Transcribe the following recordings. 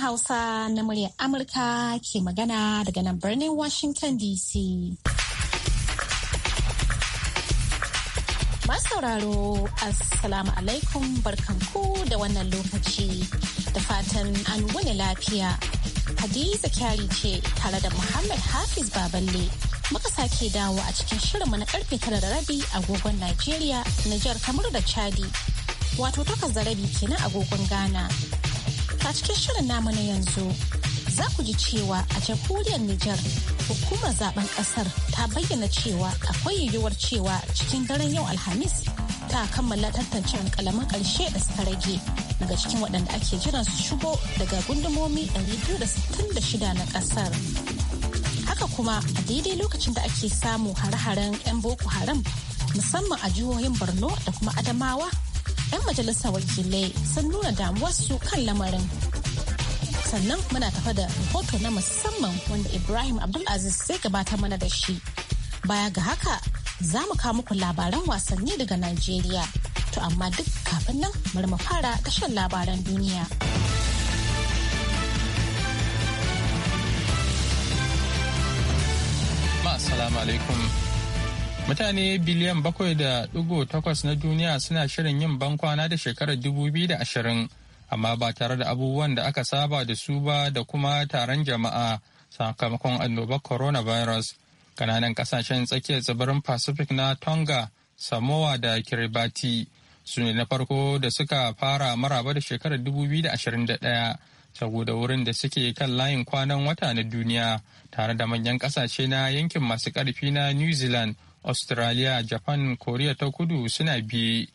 Hausa na muryar Amurka ke magana daga nan birnin Washington DC. sauraro Assalamu alaikum barkanku da wannan lokaci da fatan an wani lafiya. Hadiza kyari ce tare da Muhammad Hafiz Baballe muka sake dawo a cikin shirinmu na karfe tara da rabi agogon Najeriya, Nijar kamar da Chadi. Wato takwas da rabi ke na agogon Ghana. a cikin shirin namu na yanzu. Za ku ji cewa a jamhuriyar Nijar hukumar zaben kasar ta bayyana cewa akwai yiwuwar cewa cikin daren yau Alhamis ta kammala tantance ƙalamin ƙarshe da suka rage daga cikin waɗanda ake jiran su shigo daga gundumomi 266 na ƙasar. Haka kuma a daidai lokacin da ake samu hare-haren 'yan Boko Haram musamman a jihohin Borno da kuma Adamawa 'yan majalisar wakilai sun nuna damuwarsu kan lamarin sannan muna tafa da rahoto na musamman wanda ibrahim abdulaziz zai gabata mana da shi baya ga haka za mu kawo muku labaran wasanni daga najeriya to amma duk kafin nan bari mu fara tashar labaran duniya Assalamu alaikum Mutane biliyan bakwai da ɗigo takwas na duniya suna shirin yin bankwana da shekarar dubu biyu da ashirin, amma ba tare da abubuwan da aka saba da su ba da kuma taron jama'a sakamakon annobar coronavirus. Kananan kasashen tsakiyar tsibirin Pacific na Tonga, Samoa da Kiribati su ne na farko da suka fara maraba da shekarar ɗaya saboda wurin da suke kan layin kwanan wata na duniya tare da manyan kasashe na yankin masu ƙarfi na New Zealand australia japan korea ta kudu suna biye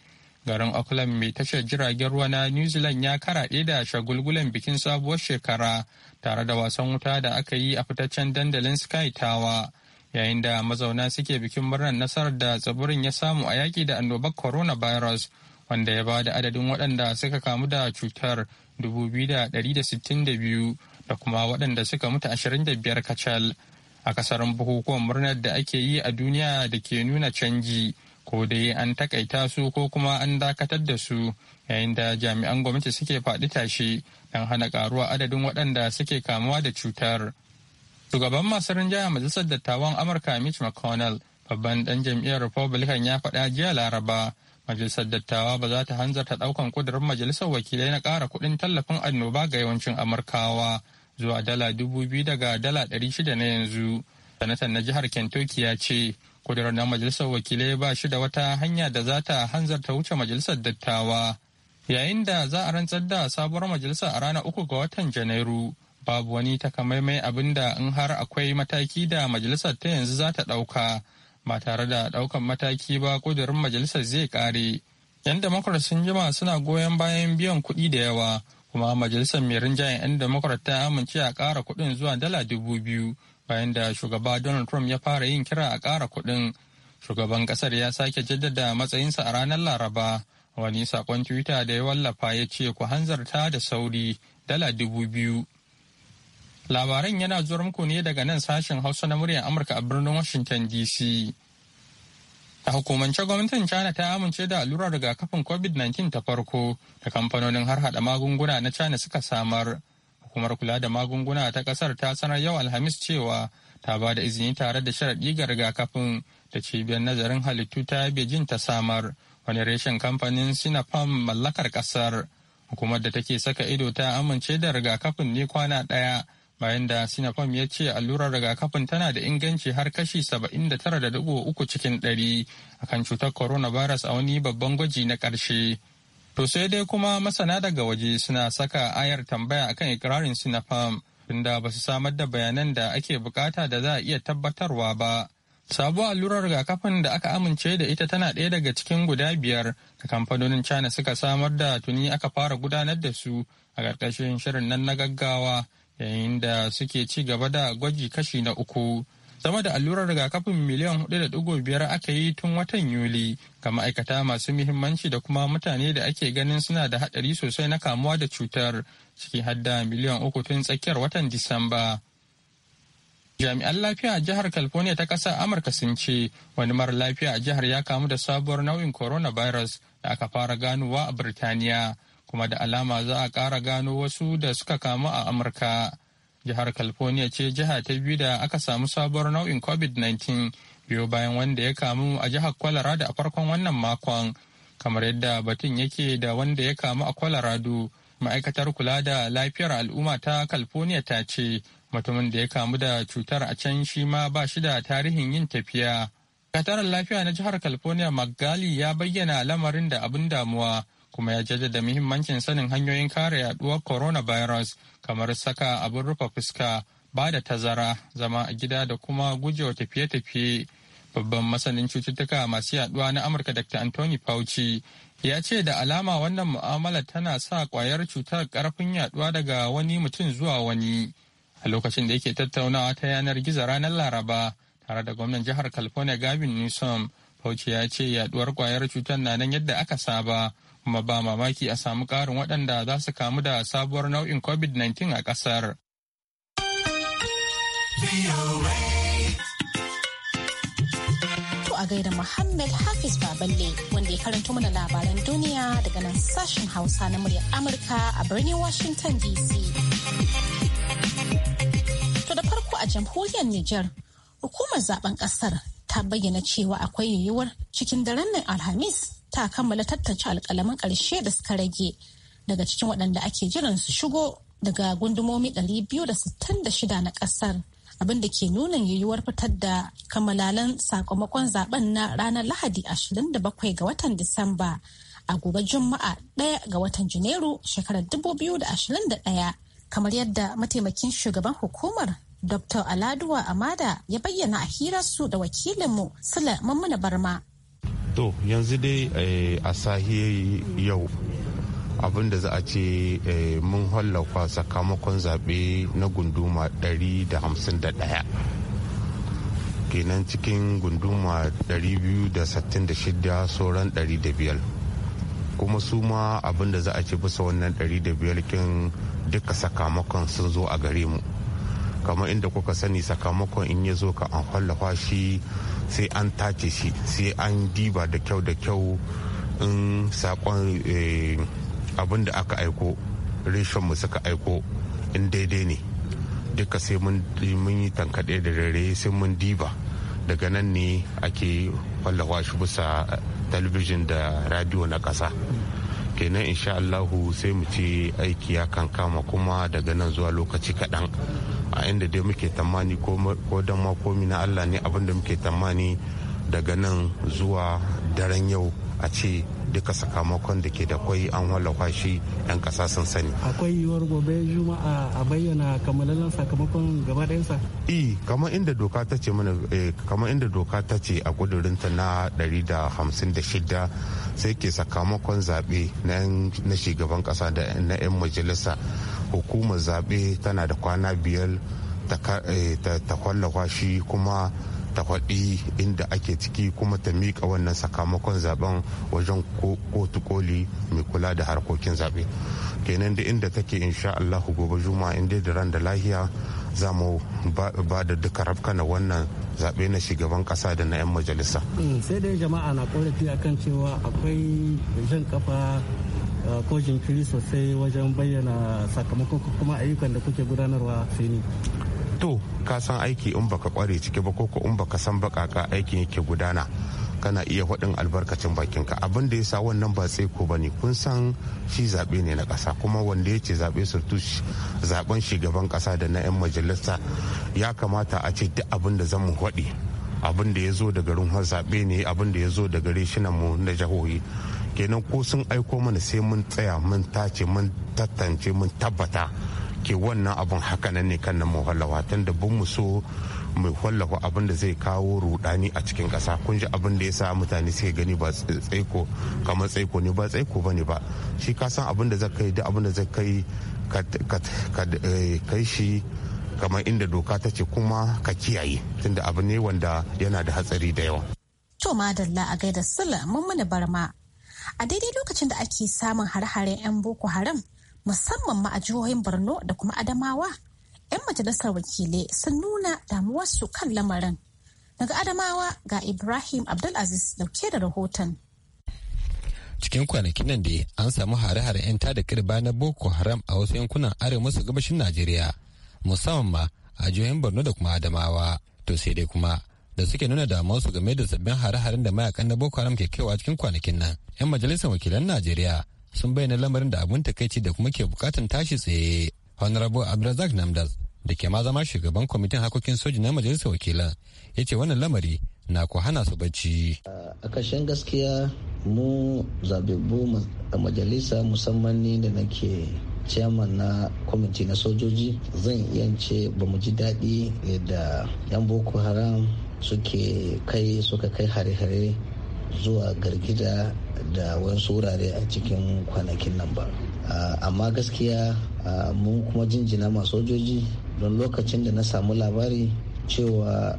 garin auckland mai tashar jiragen ruwa na new zealand ya karaɗe da shagulgulan bikin sabuwar shekara tare da wasan wuta da aka yi a fitaccen dandalin sky tower yayin da mazauna suke bikin murnar nasarar da tsibirin ya samu a yaƙi da annobar coronavirus wanda ya ba da adadin waɗanda suka kamu da cutar 2,162 da kuma waɗanda suka mutu 25 kacal. a kasar bukukuwan murnar da ake yi a duniya da ke nuna canji ko dai an takaita su ko kuma an dakatar da su yayin da jami'an gwamnati suke faɗi tashi don hana karuwa adadin waɗanda suke kamuwa da cutar. Shugaban masu rinjaya majalisar dattawan Amurka Mitch McConnell babban ɗan jam'iyyar Republican ya faɗa jiya Laraba majalisar dattawa ba za ta hanzarta ɗaukan ƙudurin majalisar wakilai na ƙara kuɗin tallafin annoba ga yawancin Amurkawa zuwa dala dubu biyu daga dala ɗari shida na yanzu sanatan na jihar kentucky ya ce kudurar na majalisar wakilai ba shi da wata hanya da za ta hanzarta wuce majalisar dattawa yayin da za a rantsar da sabuwar majalisar a ranar uku ga watan janairu babu wani takamaimai abin da in har akwai mataki da majalisar ta yanzu za ta ɗauka ba tare da ɗaukan mataki ba kudurin majalisar zai ƙare yan damakar sun jima suna goyon bayan biyan kuɗi da yawa kuma majalisar mai rinjayen 'yan demokrat ta amince a ƙara kuɗin zuwa dala dubu biyu bayan da shugaba donald trump ya fara yin kira a ƙara kuɗin shugaban ƙasar ya sake jaddada matsayinsa a ranar laraba wani sakon twitter da ya wallafa ya ce ku hanzarta da sauri dala dubu biyu labaran yana zuwa muku ne daga nan sashen hausa na muryar amurka a birnin washington dc A hukumance gwamnatin China ta amince da allurar rigakafin COVID-19 ta farko da kamfanonin har hada magunguna na China suka samar. Hukumar kula da magunguna ta kasar ta sanar yau Alhamis cewa ta ba da izini tare da sharaɗi ga rigakafin da cibiyar nazarin halittu ta Beijing ta samar wani reshen kamfanin Sinopharm mallakar kasar. Hukumar da take saka ido ta amince da rigakafin ne kwana ɗaya bayan da sinapom ya ce allurar rigakafin tana da inganci har kashi 79.3 cikin 100 akan cutar coronavirus a wani babban gwaji na ƙarshe. To sai dai kuma masana daga waje suna saka ayar tambaya akan ikirarin sinapom tunda ba su samar da bayanan da ake bukata da za a iya tabbatarwa ba. Sabuwar allurar rigakafin da aka amince da ita tana ɗaya daga cikin guda biyar da kamfanonin China suka samar da tuni aka fara gudanar da su a ƙarƙashin shirin nan na gaggawa yayin da suke ci gaba da gwaji kashi na uku sama da allurar rigakafin miliyan 4.5 aka yi tun watan yuli ga ma'aikata masu muhimmanci da kuma mutane da ake ganin suna da hadari sosai na kamuwa da cutar ciki hadda miliyan uku tun tsakiyar watan disamba jami'an lafiya a jihar california ta kasa amurka sun ce wani mara lafiya a jihar ya kamu da sabuwar nau'in coronavirus da aka fara ganowa a birtaniya kuma da alama za a ƙara gano wasu da suka kamu a amurka jihar california ce jiha ta biyu da aka samu sabuwar nau'in covid-19 biyo bayan wanda ya kamu a jihar colorado a farkon wannan makon kamar yadda batun yake da wanda ya kamu a colorado ma'aikatar kula da lafiyar al'umma ta california ta ce mutumin da ya kamu da cutar a can shi ma ba shi da tarihin yin tafiya katarar lafiya na jihar california magali ya bayyana lamarin da abin damuwa kuma ya jaddada muhimmancin sanin hanyoyin kare yaduwar coronavirus kamar saka abin rufe fuska ba da tazara zama a gida da kuma gujewa tafiye-tafiye babban masanin cututtuka masu yaduwa na amurka dr anthony fauci ya ce da alama wannan mu'amala tana sa kwayar cutar karfin yaduwa daga wani mutum zuwa wani a lokacin da yake tattaunawa ta yanar gizo ranar laraba tare da gwamnan jihar california gavin newsom fauci ya ce yaduwar kwayar cutar na nan yadda aka saba kuma ba mamaki a samu ƙarin waɗanda za su kamu da sabuwar nau'in covid-19 a ƙasar. a gaida Muhammad Hafiz Baballe wanda ya karanto mana labaran duniya daga nan sashen Hausa na muryar Amurka a birnin Washington DC. To da farko a jamhuriyar Nijar, hukumar zaben kasar ta bayyana cewa akwai yiwuwar cikin daren nan Alhamis ta kammala tattace alkalaman ƙarshe da suka rage daga cikin waɗanda ake jiran su shigo daga gundumomi 266 na ƙasar abin da ke nuna yiwuwar fitar da kammalalan sakamakon zaben na ranar lahadi 27 ga watan disamba a gobe juma'a 1 ga watan janairu shekarar 2021 kamar yadda mataimakin shugaban hukumar dr aladuwa amada ya bayyana a su da wakilinmu sula mammuna barma to yanzu dai eh, a sahi yau abin da za a ce eh, mun hallafa sakamakon zaɓe na gunduma 151 kenan cikin gunduma 266 sauran 500 kuma su ma abin da za a ce bisa wannan 500 kin duka sakamakon sun zo a gare mu kamar inda kuka sani sakamakon in ya zo ka an hallafa shi sai an tace shi sai an diba da kyau da kyau in sakon eh, abin da aka aiko mu suka aiko in daidai ne duka sai mun yi tankaɗe da rere sai mun diba daga nan ne ake hallafa shi bisa talabijin da radio na ƙasa kenan insha allahu sai mu ce aiki ya kankama kuma daga nan zuwa lokaci kaɗan a inda dai muke tamani ko dan ma na allah ne abinda muke tamani daga nan zuwa daren yau a ce duka sakamakon da ke da kwai an wallafa shi 'yan kasa sun sani. Akwai yiwuwar gobe Juma'a a bayyana kamalallen sakamakon gaba ɗayansa? I, kamar inda doka ta ce mana eh, kamar inda doka ta ce a kudurinta na 156 sai ke sakamakon zaɓe na shugaban ƙasa da na 'yan majalisa hukumar zaɓe tana da kwana biyar ta eh, kwallafa shi kuma ta kwaɗi inda ake ciki kuma ta miƙa wannan sakamakon zaben wajen kotu koli mai kula da harkokin zaɓe kenan da inda take insha allahu gobe juma inda da ran da lahiya za mu ba da duka rafka na wannan zaɓe na shugaban ƙasa da na 'yan majalisa. Hmm, sai dai jama'a na ƙorafi akan cewa akwai jan kafa ko jinkiri sosai wajen bayyana sakamako kuma ayyukan da kuke gudanarwa sai ne to ka san aiki in baka kware ciki ba ko in baka san bakaka aikin yake gudana kana iya faɗin albarkacin bakinka abin da ya sa wannan ba sai ba ne kun san shi zaɓe ne na ƙasa kuma wanda ya ce zaɓe surtu zaɓen shugaban ƙasa da na 'yan majalisa ya kamata a ce duk abin da zan mu faɗi abin da ya zo daga ruhun zaɓe ne abin da ya zo daga reshinan mu na jihohi kenan ko sun aiko mana sai mun tsaya mun tace mun tattance mun tabbata ke wannan abun hakanan ne kan na mu tun da bin mu so mai hallawa abin da zai kawo rudani a cikin kasa kun ji abin da ya sa mutane suke gani ba tsaiko kamar tsaiko ne ba tsaiko ba ne ba shi ka san abin da zai kai da abin da zai eh, kai shi kamar inda doka ta ce kuma ka kiyaye tunda abu ne wanda yana da hatsari da yawa. To madalla a gaida sula mun mana barma a daidai lokacin da ake samun hare-haren 'yan boko haram musamman ma a jihohin borno da kuma adamawa 'yan majalisar wakilai sun nuna damuwarsu kan lamarin daga adamawa ga ibrahim abdulaziz dauke da rahoton cikin kwanakin nan da an samu hare-hare 'yan tada kirba na boko haram a wasu yankunan arewa maso gabashin najeriya musamman ma a jihohin borno da kuma adamawa to sai dai kuma da suke nuna su game da sabbin hare-haren da mayakan na Boko Haram ke kaiwa cikin kwanakin nan. 'Yan majalisar wakilan Najeriya sun bayyana lamarin da abin takaici da kuma ke bukatan tashi tsaye. Honorable Abdulrazak Namdas da ke ma zama shugaban kwamitin harkokin soji na majalisar wakilan ya ce wannan lamari na ku hana su bacci. A ƙarshen gaskiya mu zababbu a majalisa musamman ni da nake ciyaman na kwamiti na sojoji zan iya ce ba mu ji daɗi da 'yan boko haram suke kai suka kai hare-hare zuwa gargida da wasu wurare a cikin kwanakin nan ba ah, amma gaskiya ah, mun kuma jinjina ma sojoji don lokacin da na samu labari cewa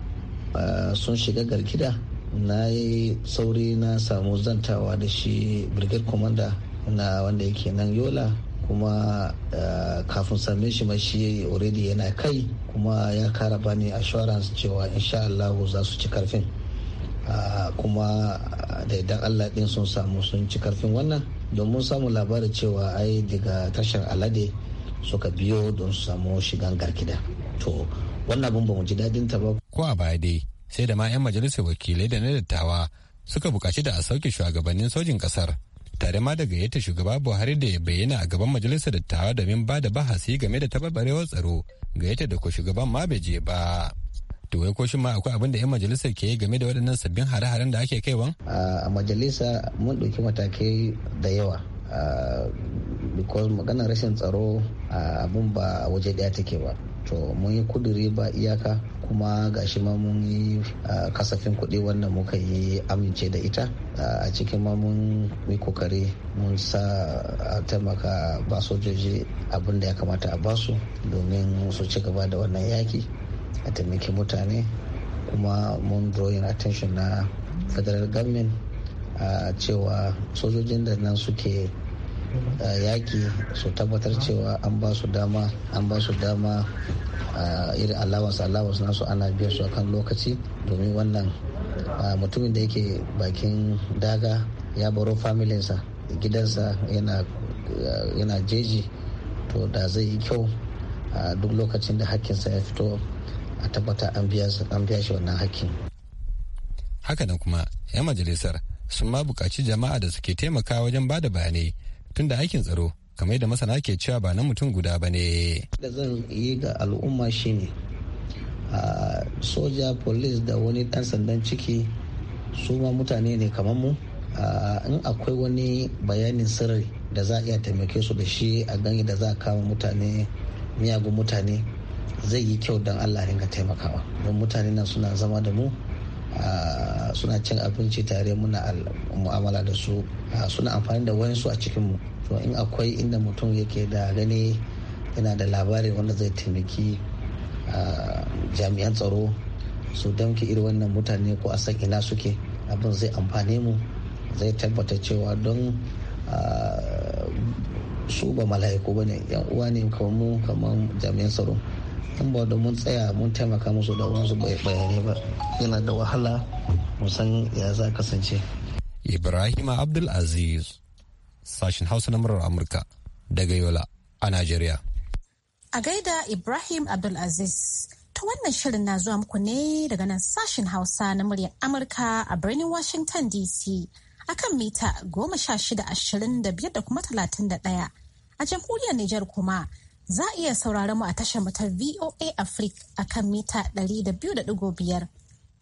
ah, sun shiga gargida na yi sauri na samu zantawa da shi brigade commander na wanda yake nan yola kuma eh, kafin same shi mashi already yana kai kuma ya kara bani assurance cewa insha Allah za su ci karfin ah, kuma ah, da idan Allah din sun samu sun ci karfin wannan domin samu labarin cewa ai daga tashar alade suka biyo don su samu shigan garkida to wannan abin ba mu ji dadin ta ba ko a baya dai sai da ma 'yan majalisar wakilai da na dattawa suka bukaci da a sauke shugabannin sojin kasar tare ma daga yadda shugaba buhari da ya bayyana a gaban majalisar dattawa domin ba da bahasi game da tabarbarewar tsaro ga yadda da ko shugaban ma bai je ba to wai ko shin ma akwai abin da yan majalisar ke yi game da waɗannan sabbin hare-haren da ake kaiwa a majalisa mun ɗauki matakai da yawa because magana rashin tsaro abun ba waje ɗaya take ba to mun yi kuduri ba iyaka kuma ga shi ma mun yi kasafin kuɗi wannan muka yi amince da ita a cikin ma mun yi kokari mun sa a taimaka ba sojoji abin da ya kamata a basu domin su ci gaba da wannan yaki a taimaki mutane kuma mun drawing attention na federal government a cewa sojojin da nan suke yaki su tabbatar cewa an ba su dama an ba su dama irin allowance allowance nasu ana biya su akan lokaci domin wannan mutumin da yake bakin daga ya baro familinsa gidansa yana jeji to da zai yi kyau a duk lokacin da hakkinsa ya fito a tabbata an biya shi wannan hakkin. hakanan kuma 'yan majalisar sun ma buƙaci jama'a da suke taimaka wajen bada bayanai tunda aikin tsaro kamar da masana ke cewa ba na mutum guda ba ne. Da zan yi ga al'umma shine a soja police da wani dan sandan ciki su ma mutane ne kamar mu in akwai wani bayanin sirri da za a iya taimake su da shi a gani da za a kama mutane miyagun mutane zai yi kyau don allah ringa taimakawa don mutane nan suna zama da mu Ah, suna cin abinci tare muna mu'amala da su ah, suna amfani da wayansu a cikinmu to in akwai inda mutum yake da gani yana da labari wanda zai taimaki ah, jami'an tsaro su damke irin wannan mutane ko a san ina suke abin zai amfane mu zai tabbata cewa don su ba mala'iku ba ne yan uwa ne kamar mu kamar jami'an tsaro in ba da mun tsaya mun taimaka musu da wasu bayanai ba yana da wahala mu san ya za kasance ibrahim abdulaziz sashen hausa na murar amurka daga yola a najeriya a gaida ibrahim abdulaziz ta wannan shirin na zuwa muku ne daga nan sashen hausa na muryar amurka a birnin washington dc akan mita goma sha shida ashirin da biyar da kuma talatin da daya a jamhuriyar Nijar kuma Za a iya sauraron mu a tashar mu ta VOA Africa a kan mita 200.5.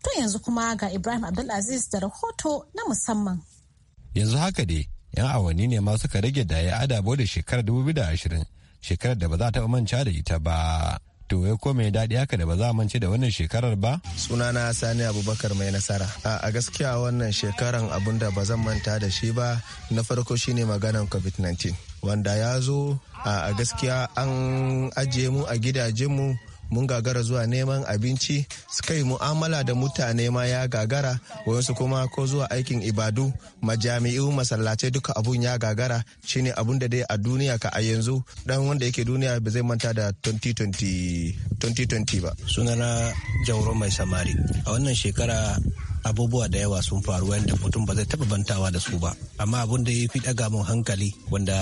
To yanzu kuma ga Ibrahim Abdulaziz da rahoto na musamman. Yanzu haka dai, 'yan awanni ne ma suka rage da ya adabo da shekarar 2020, shekarar da ba za ta manta da ita ba. to ya ko mai daɗi haka da ba za a mance da wannan shekarar ba? Sunana Sani Abubakar mai nasara. A gaskiya wannan shekarar abun da ba zan manta da shi ba na farko shine maganan COVID-19. wanda ya zo a gaskiya an ajiye mu a gidajenmu mun gagara zuwa neman abinci suka yi mu'amala da mutane ma ya gagara wayansu kuma ko zuwa aikin ibadu majami'u masallacai duka abun ya gagara shine abun da dai a duniya ka a yanzu dan wanda yake duniya ba zai manta da 2020 ba sunana jauro mai samari a wannan shekara abubuwa da yawa sun faru wanda mutum ba zai taba bantawa da su ba amma abun da ya fi ɗaga mun hankali wanda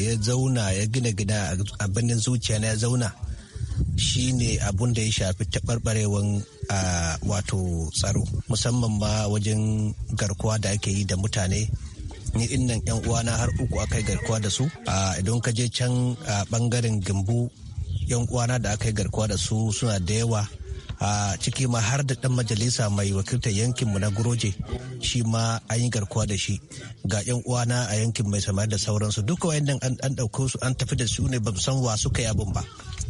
ya zauna ya gina gida a birnin zuciya na ya zauna shine abun da ya shafi taɓarɓarewan wato tsaro musamman ma wajen garkuwa da ake yi da mutane ni innan yan uwana har uku aka yi garkuwa da su idan ka je can bangaren gimbu yan uwana da aka yi garkuwa da su suna da yawa a ciki ma har da dan majalisa mai wakiltar yankin mu na guroje shi ma an yi garkuwa da shi ga yan uwana a yankin mai samar da sauransu duka wayannan an dauko su an tafi da su ne ba san wa suka yi abin ba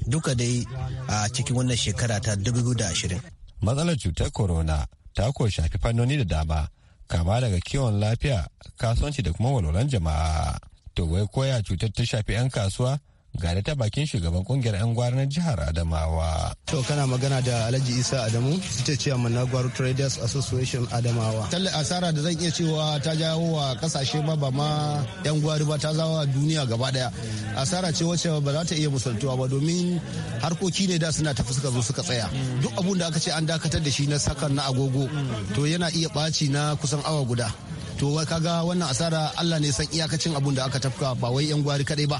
duka dai a cikin wannan shekara ta 2020 matsalar cutar corona ta ko shafi fannoni da dama kama daga kiwon lafiya kasuwanci da kuma walwalan jama'a to wai koya cutar ta shafi 'yan kasuwa ga da ta bakin shugaban kungiyar 'yan na jihar Adamawa. To kana magana da Alhaji Isa Adamu, ita ce na Gwaru Traders Association Adamawa. Talle asara da zan iya cewa ta jawo wa kasashe ba ba ma 'yan gwari ba ta zawa duniya gaba daya. Asara ce wacce ba za ta iya musaltuwa ba domin harkoki ne da suna tafi suka zo suka tsaya. Duk abun da aka ce an dakatar da shi na sakan na agogo to yana iya ɓaci na kusan awa guda. to kaga wannan asara Allah ne san iyakacin abun da aka tafka ba wai yan gwari kadai ba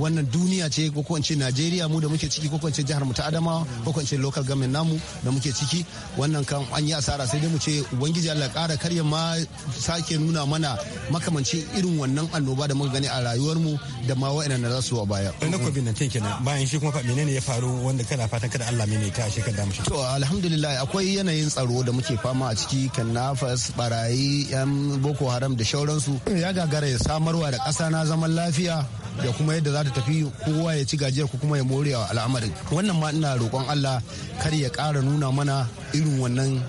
wannan duniya ce ko ko ce Najeriya mu da muke ciki ko ko ce jihar mu ta Adamawa ko ko ce local government namu da muke ciki wannan kan an yi asara sai dai mu ce ubangiji Allah kara karya ma sake nuna mana makamancin irin wannan annoba da muka gani a rayuwar mu da ma wa'annan da za su wa baya na covid nan kenan bayan shi kuma fa menene ya faru wanda kana fatan kada Allah mene ta shi da mushi to alhamdulillah akwai yanayin tsaro da muke fama a ciki kan nafas barayi yan boko boko haram da shauransu ya gagara ya samarwa da ƙasa na zaman lafiya da kuma yadda za ta tafi kowa ya ci gajiyar ko kuma ya more wa al'amarin wannan ma ina roƙon Allah kar ya ƙara nuna mana irin wannan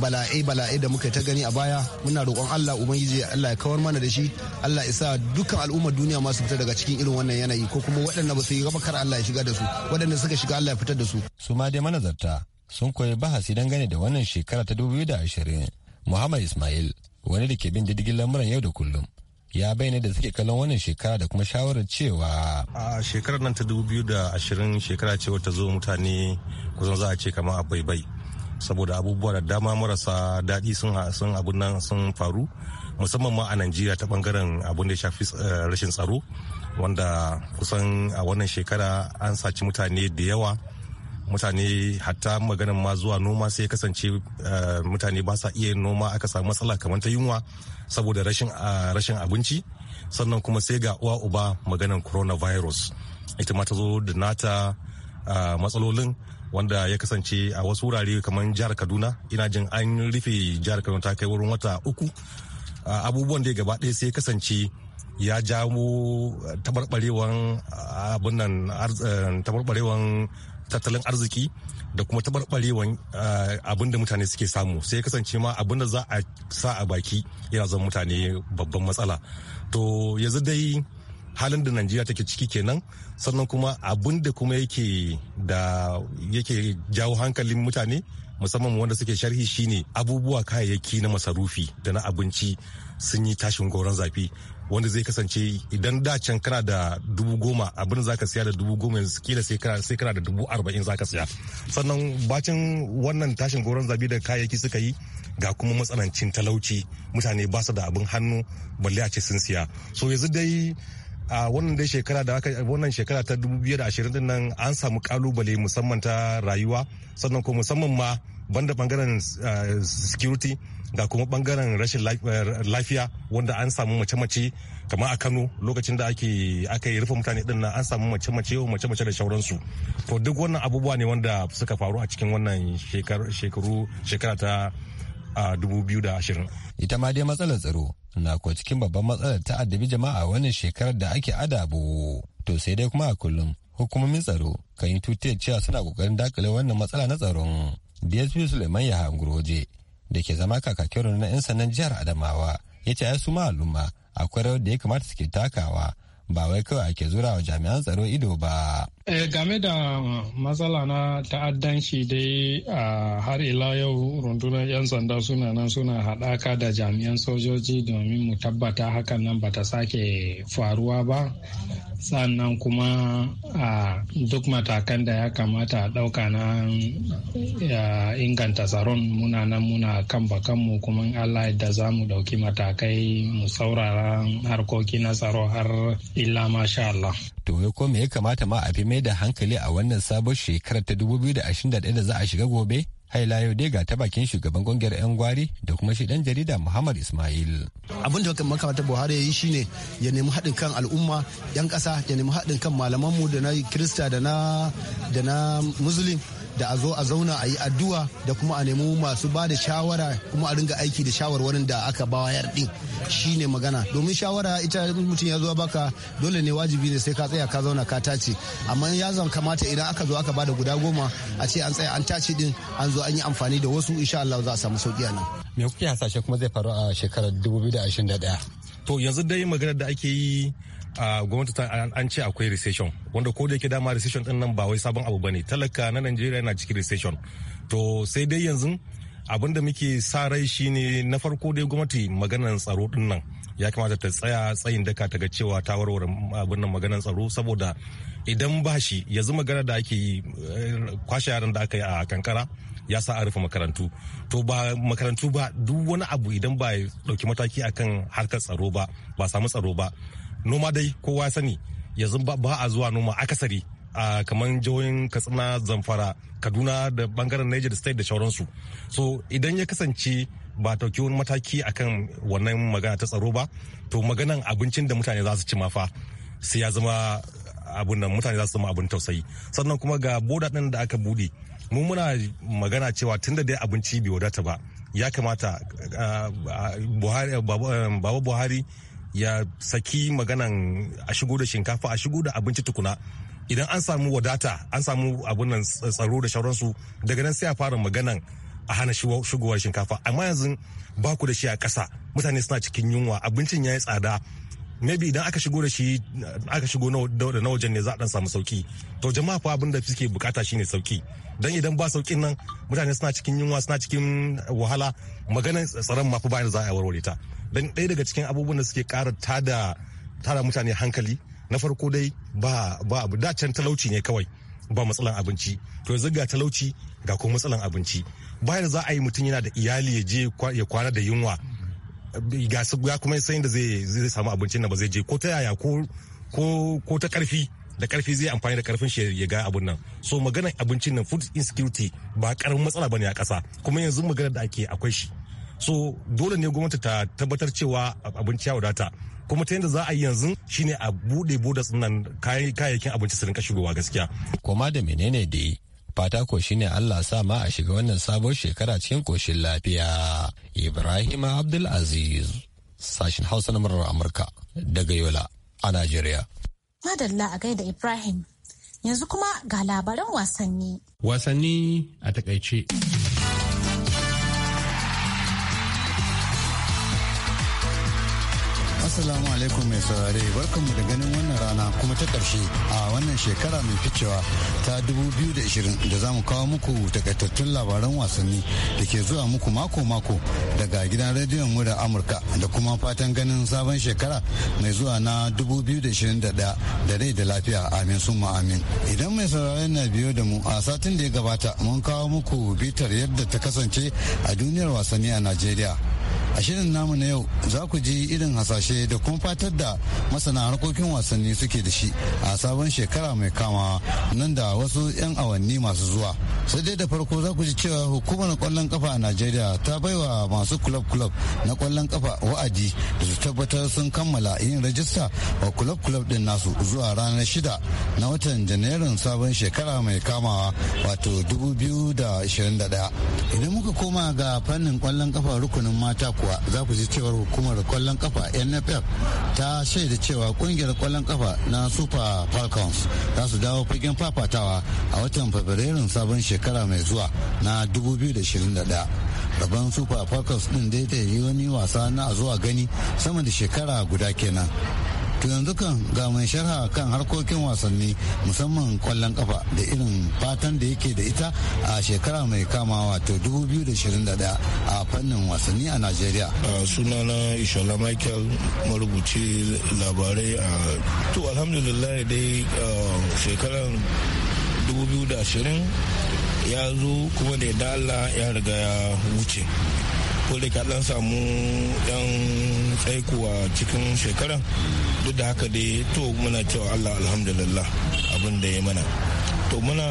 bala'e bala'e da muka ta gani a baya muna roƙon Allah ubangiji Allah ya kawar mana da shi Allah ya sa dukkan al'ummar duniya ma su fita daga cikin irin wannan yanayi ko kuma waɗanda ba su yi gaba kar Allah ya shiga da su waɗanda suka shiga Allah ya fitar da su su ma dai manazarta sun koyi bahasi dangane da wannan shekara ta 2020 Muhammad Ismail wani da ke bin diddigin lamuran yau da kullum ya bayyana da suke kallon wannan shekara da kuma shawarar cewa a shekarar nan ta ashirin shekara ce wata zo mutane kusan za a ce kamar a bai saboda abubuwa da dama marasa daɗi sun abun nan sun faru musamman ma a najeriya ta bangaren abun da ya shafi eh, rashin tsaro wanda kusan a wannan shekara an saci mutane da yawa mutane hatta maganin ma zuwa noma sai kasance eh, mutane ba sa iya noma aka samu matsala kamar ta yunwa saboda rashin ah, rashin abinci sannan kuma sai ga uwa uba maganan coronavirus ita ma ta zo da nata ah, matsalolin wanda ya kasance a wasu wurare kamar jihar kaduna ina jin an rufe jihar kaduna ta kai wurin wata uku ah, abubuwan da gaba ɗaya sai kasance ya jamo tabarbarewan abin nan eh, tabarbarewan tattalin arziki da kuma taɓarɓarewan eh, abin da mutane suke samu sai kasance ma abin da za a sa a baki yana zama mutane babban matsala to yanzu dai halin da najeriya take ciki kenan sannan kuma abin da kuma yake da yake jawo hankalin mutane musamman wanda suke sharhi shine abubuwa kayayyaki na masarufi da na abinci sun yi tashin goron zafi wanda zai kasance idan da can kana da dubu goma abin za ka siya da dubu goma yanzu kila sai kana da dubu arba'in za ka siya sannan bacin wannan tashin goron zabi da kayayyaki suka yi ga kuma matsanancin talauci mutane ba su da abin hannu balle a ce sun siya so yanzu dai a wannan dai shekara da aka wannan shekara ta 2020 din nan an samu kalubale musamman ta rayuwa sannan ko musamman ma banda bangaren eh, security ga kuma bangaren rashin eh, lafiya wanda an samu mace-mace kamar a kano lokacin da ake aka yi rufe mutane din an samu mace-mace mace-mace da shauransu to duk wannan abubuwa ne wanda suka faru a cikin wannan shekaru shekara ta 2020 ah, ita ma dai matsalar tsaro na ko cikin babban matsalar ta addabi jama'a wannan shekarar da ake adabu to sai dai kuma a kullum hukumomin tsaro kan yi tutiyar cewa suna kokarin dakile wannan matsala na tsaron dsp suleiman ya gurhoje da ke zama kakakin na 'yan sandan jihar adamawa ya ce ya su al'umma akwai rawar da ya kamata suke takawa ba wai kawai ake zura wa jami'an tsaro ido ba. Eh, game da matsala na ta'addanci dai a har ila yau rundunar 'yan sanda suna nan suna haɗaka da jami'an sojoji domin mu tabbata hakan nan bata sake faruwa ba sannan kuma a duk matakan da ya kamata a ɗauka na inganta tsaron muna nan muna kan bakanmu kuma allah da za mu ɗauki matakai mu saurara harkoki na tsaro har illa masha Allah. To ya kome ya kamata ma a fi mai da hankali a wannan sabon shekarar ta 2021 da za a shiga gobe? haila yau dai ga ta bakin shugaban kungiyar 'yan gwari da kuma shi dan jarida muhammad ismail abin da makamata buhari ya yi shine ya nemi haɗin kan al'umma 'yan ƙasa ya nemi haɗin kan malamanmu da na kirista da na musulun da a zo a zauna a yi addu'a da kuma a nemi masu ba da shawara kuma a ringa aiki da shawarwarin da aka ba wayar din shine magana domin shawara ita mutum ya zo baka dole ne wajibi ne sai ka tsaya ka zauna ka tace amma ya zan kamata idan aka zo aka ba da guda goma a ce an tsaya an tace din an zo an yi amfani da wasu insha Allah za a samu sauki a nan me kuke hasashe kuma zai faru a shekarar 2021 to yanzu dai maganar da ake yi gwamnati ta an ce akwai recession wanda ko da yake dama recession din nan ba wai sabon abu bane talaka na Najeriya yana cikin recession to sai dai yanzu abin da muke sa rai shine na farko dai gwamnati maganar tsaro din nan ya kamata ta tsaya tsayin daka ta ga cewa ta warware abin nan maganar tsaro saboda idan ba shi yanzu magana da ake yi eh, kwashe yaran da aka yi a kankara ya sa a rufe makarantu to ba makarantu ba duk wani abu idan ba ya dauki mataki akan harkar tsaro ba ba samu tsaro ba noma dai kowa sani yanzu ba a zuwa noma akasari a kamar jihohin katsina zamfara kaduna da bangaren niger state da sauransu so idan ya kasance ba ɗauki wani mataki akan wannan magana ta tsaro ba to maganan abincin da mutane za su ci mafa sai ya zama abun nan mutane za su zama abin tausayi sannan kuma ga boda ɗin da aka buɗe mu muna magana cewa tunda dai abinci bai wadata ba ya kamata eh, baba buhari ya saki maganan a shigo da shinkafa a shigo da abinci tukuna idan an samu wadata an samu abin nan tsaro da shauransu daga nan sai a fara maganan a hana shigowar shinkafa amma yanzu ba ku da shi a ƙasa mutane suna cikin yunwa abincin ya yi tsada maybe idan aka shigo da shi aka shigo da na wajen ne za a dan samu sauki to jama'a fa abin da suke bukata shine sauki dan idan ba saukin nan mutane suna cikin yunwa suna cikin wahala maganar tsaron ma bayan za a warware ta dan ɗaya daga cikin abubuwan da suke ƙara tada tada mutane hankali na farko dai ba ba abu da can talauci ne kawai ba matsalan abinci to yanzu ga talauci ga kuma matsalan abinci bayan za a yi mutum yana da iyali ya je ya kwana da yunwa ya kuma san da zai zai samu abincin nan ba zai je ko ta yaya ko ko ko ta karfi da karfi zai amfani da karfin shi ya ga abun nan so maganar abincin nan food insecurity ba karamin matsala bane a kasa kuma yanzu maganar da ake akwai shi so dole ne gwamnati ta tabbatar cewa abinci ya wadata kuma ta yadda za a yi yanzu shine a bude bodas nan kayayyakin abinci su rinka shigowa gaskiya koma da menene dai fata ko shine Allah sa ma a shiga wannan sabon shekara cikin koshin lafiya Ibrahim Abdul Aziz Hausa na murar Amurka daga Yola a Najeriya Madalla a gaida Ibrahim yanzu kuma ga labaran wasanni wasanni a takaice Assalamu alaikum mai saurare barkanmu da ganin wannan rana kuma ta ƙarshe a wannan shekara mai ficewa ta 2020 da za mu kawo muku takaitattun labaran wasanni da ke zuwa muku mako-mako daga gidan rediyon mu da Amurka da kuma fatan ganin sabon shekara mai zuwa na 2021 da rai da lafiya amin sun amin. Idan mai saurare na biyo da mu a satin da ya gabata mun kawo muku bitar yadda ta kasance a duniyar wasanni a Najeriya. a shirin namu na yau za ku ji irin hasashe da kuma fatar da masana harkokin wasanni suke da shi a sabon shekara mai kama nan da wasu 'yan awanni masu zuwa sai dai da farko za ku ji cewa hukumar kwallon kafa a najeriya ta bai wa masu kulob kulob na kwallon kafa wa'adi da su tabbatar sun kammala yin rajista wa kulob kulob din nasu zuwa ranar shida na watan janairun sabon shekara mai kamawa wato 2021 idan muka koma ga fannin kwallon kafa rukunin mata kuwa za ku ji cewar hukumar kwallon kafa nff ta shaida cewa kungiyar kwallon kafa na super falcons za su dawo fagen fafatawa a watan fabrairun sabon shekara mai zuwa na 2021 rabon super falcons din daidai yi wani wasa na zuwa gani sama da shekara guda kenan to yanzu kan ga mai sharha kan harkokin wasanni musamman kwallon kafa da irin fatan da yake da ita a shekara mai kama wato 2021 a fannin wasanni a najeriya sunana ishola michael marubuci labarai a to alhamdulillah dai shekarar 2020 ya zo kuma da Allah ya riga ya wuce ko da ka dan samu yan aikuwa cikin shekaran duk da haka dai to muna cewa allah alhamdulillah abin da ya mana to muna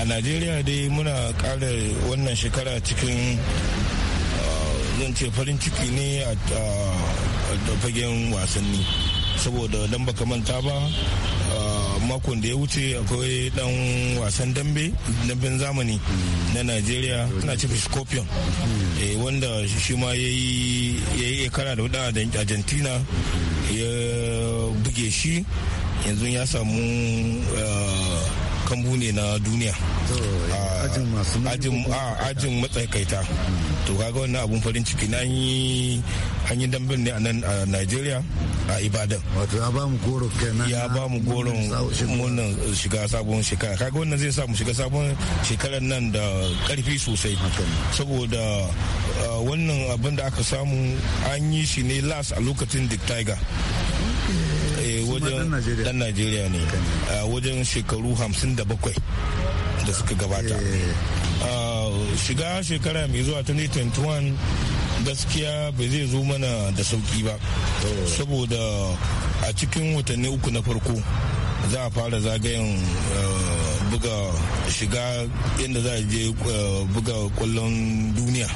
a najeriya dai muna ƙara wannan shekara cikin ah, zan ce farin ciki ne a ah, fagen wasanni saboda don baka manta ba makon da ya wuce akwai dan wasan dambe dambin zamani na najeriya suna ce scorpion eh, wanda shi ma ya yi kara da wuda da argentina ya buge shi yanzu ya samu ah, kambu ne na duniya ah, ah, ajin matsakaita to kaga wannan abun farin ciki na yi hanyar dambin ne a nan a nigeria a ibadan wato ya ba mu goro kenan ya ba mu goron wannan eh, shiga sabon shekara kaga wannan zai sa mu shiga sabon shekarar nan da karfi sosai saboda ah, wannan abin da aka samu an yi shi ne las a lokacin dick tiger dan najeriya ne wajen shekaru 57 da suka gabata eh. shiga shekara mai zuwa 2021 gaskiya bai zai zo mana da sauki ba oh. saboda a cikin watanni uku na farko za a fara zagayen eh, buga shiga inda za a je eh, buga kwallon duniya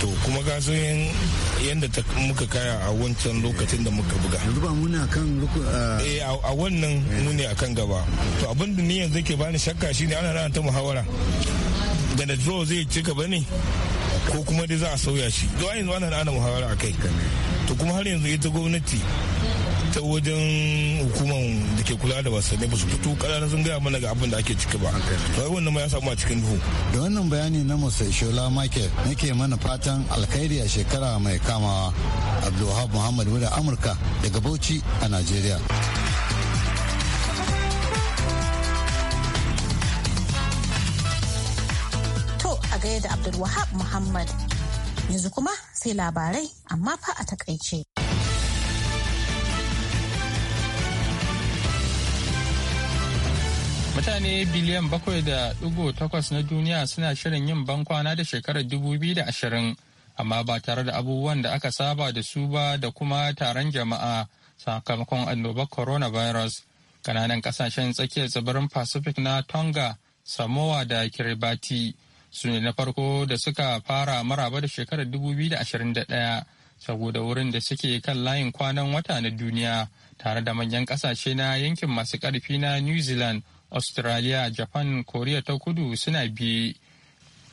to kuma gasoyin yadda muka kaya a wancan lokacin da muka buga yanzu ba muna kan eh a wannan eh. muni akan gaba to abin da ni yanzu ke bani shakka shine ana rana ta muhawara da da zai cika ba ne ko kuma dai za a sauya shi to yanzu ana ana muhawara akai to kuma har yanzu ita gwamnati ta wajen hukumar da ke kula da wasanni ba su fito ƙararra sun gaya mana ga abin da ake ciki ba to wannan ma ya samu a cikin duhu da wannan bayani na musa shola market nake mana fatan alkhairi a shekara mai kamawa abdulwahab muhammad wanda amurka daga bauchi a najeriya da Abdulwahab Muhammad. Yanzu kuma sai labarai amma fa a takaice. Mutane biliyan bakwai da ɗigo takwas na duniya suna shirin yin bankwana da shekarar dubu biyu da ashirin, amma ba tare da abubuwan da aka saba da su ba da kuma taron jama'a sakamakon annobar coronavirus. Kananan kasashen tsakiyar tsibirin Pacific na Tonga, Samoa da Kiribati su ne na farko da suka fara maraba da shekarar dubu biyu da ashirin da ɗaya. saboda wurin da suke kan layin kwanan wata na duniya tare da manyan kasashe na yankin masu karfi na new zealand Australia, Japan, Koriya ta kudu suna biye.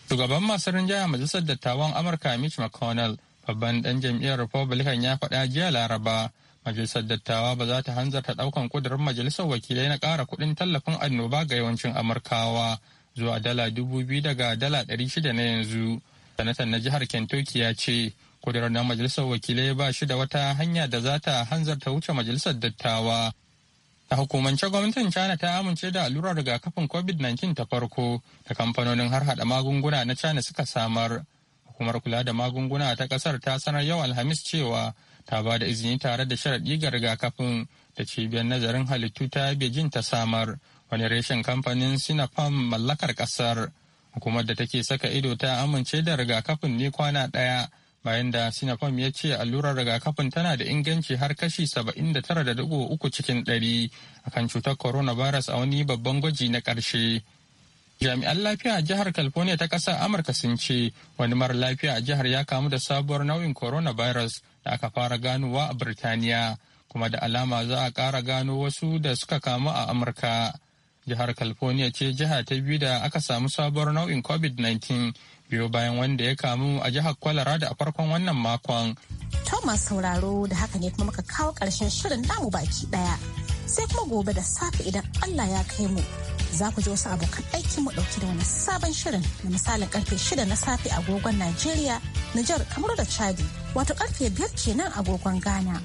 Shugaban masu rinjaya Majalisar Dattawan Amurka Mitch McConnell, babban dan jam'iyyar Republican ya faɗa jiya Laraba, Majalisar Dattawa ba za ta hanzarta ɗaukan ƙudurin Majalisar Wakilai na ƙara kuɗin tallafin annoba ga yawancin Amurkawa zuwa dala dubu biyu daga dala ɗari shida na yanzu. Sanatan na jihar Kentucky ya ce, ƙudurin na Majalisar Wakilai ba shi da wata hanya da za ta hanzarta wuce Majalisar Dattawa A hukumance gwamnatin China ta amince da allurar rigakafin COVID-19 ta farko da kamfanonin har hada magunguna na China suka samar. Hukumar kula da magunguna ta kasar ta sanar yau Alhamis cewa ta ba da izini tare da sharaɗi ga rigakafin da cibiyar nazarin halittu ta Beijing ta samar wani reshen kamfanin Sinopharm mallakar kasar. Hukumar da take saka ido ta amince da rigakafin ne kwana ɗaya bayan da sinapom ya ce allurar rigakafin tana da inganci har kashi 79.3 cikin 100 akan cutar coronavirus a wani babban gwaji na karshe. Jami'an lafiya a jihar California ta ƙasar Amurka sun ce wani mara lafiya a jihar ya kamu da sabuwar nau'in coronavirus da aka fara ganowa a Birtaniya, kuma da alama za a kara gano wasu da suka kamu a Amurka. Jihar California ce jiha ta biyu da aka samu sabuwar nau'in COVID-19 biyo bayan wanda ya kamu a jihar kwalara da a farkon wannan makon. Thomas sauraro da haka ne kuma muka kawo ƙarshen shirin namu baki ɗaya. Sai kuma gobe da safe idan Allah ya kai mu za ku ji wasu abokan aikin mu ɗauki da wani sabon shirin na misalin karfe shida na safe agogon Najeriya, Nijar, Kamaru da Chadi, wato karfe biyar kenan agogon Ghana.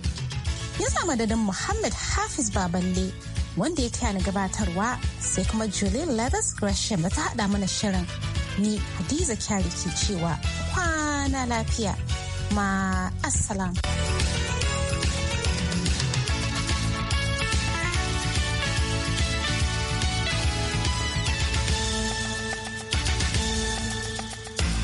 Ya sa madadin Muhammad Hafiz Baballe wanda ya taya ni gabatarwa sai kuma Julie Leathers Gresham ta haɗa mana shirin. ni hadiza kyari ke cewa kwana lafiya ma